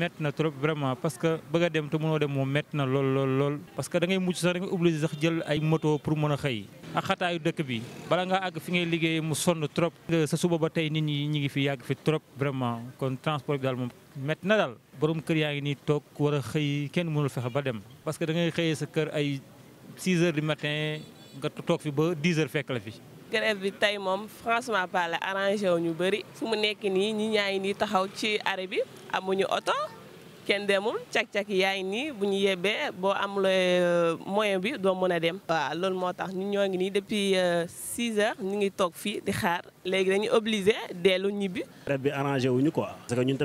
mett na trop vraiment parce que bëgga a dem te mënoo dem moom métti na lool lool parce que da ngay mucc sax da ngay obligé sax jël ay moto pour mën a xëy ak xataayu dëkk bi bala nga àgg fi ngay liggéey mu sonn trop sa suba ba tey nit ñi ñi ngi fi yàgg fi trop vraiment kon transport bi daal moom métti na daal boroom kër yaa ngi nii toog war a xëy kenn mënul fexe ba dem parce que da ngay xëyee sa kër ay 6 heures du matin nga toog fi ba 10 heures fekk la fi grève bi tey moom franchement parlé arrangé wu ñu bëri fu mu nekk nii ñi ñaa ngi nii taxaw ci arrêt bi amuñu oto kenn demul cak-cak yaa nii bu ñu yebbee boo am amulee euh, moyen bi doo mën a dem. waaw loolu moo tax ñun ñoo ngi nii depuis 6 euh, heures ñu ngi toog fii di xaar. léegi dañu obligé dellu ñibbi. traite bi arrangé wuñu quoi. parce que ñun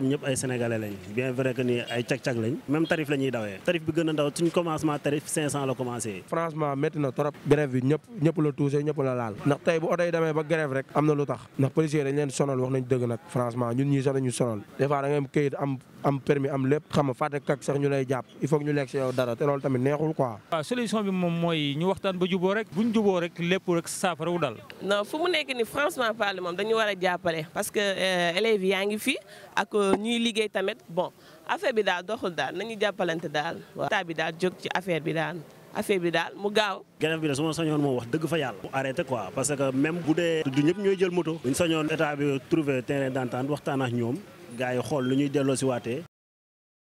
a ndaw suñ commencement tarif 500 la commencé. franchement métti na trop. grève bi ñëpp ñëpp la touché ñëpp la laal. ndax na lu tax ndax policiers dañ leen sonal wax nañ dëgg nag franchement ñun ñii sax dañu sonal. des fois ñu lay jàpp il ñu lekk si yow dara te loolu tamit neexul quoi. waaw solution bi moom mooy ñu waxtaan ba juboo rek buñ juboo rek lépp rek saafara wu dal. non fu mu nekk ni franchement Fall moom dañu war a jàppale parce que euh, élèves yi yaa ngi fi ak euh, ñuy liggéey tamit bon affaire bi daal doxul daal nañu jàppalante daal waaw état bi daal jog ci affaire bi daal affaire bi daal mu gaaw. geneen bi de su ma sañoon moom wax dëgg fa yàlla. mu arrêté quoi parce que même bu dee. du ñëpp ñooy jël moto. bu ñu sañoon état bi trouvé terrain d'entente waxtaan ak ñoom gars yi xool lu ñuy delloo si waatee.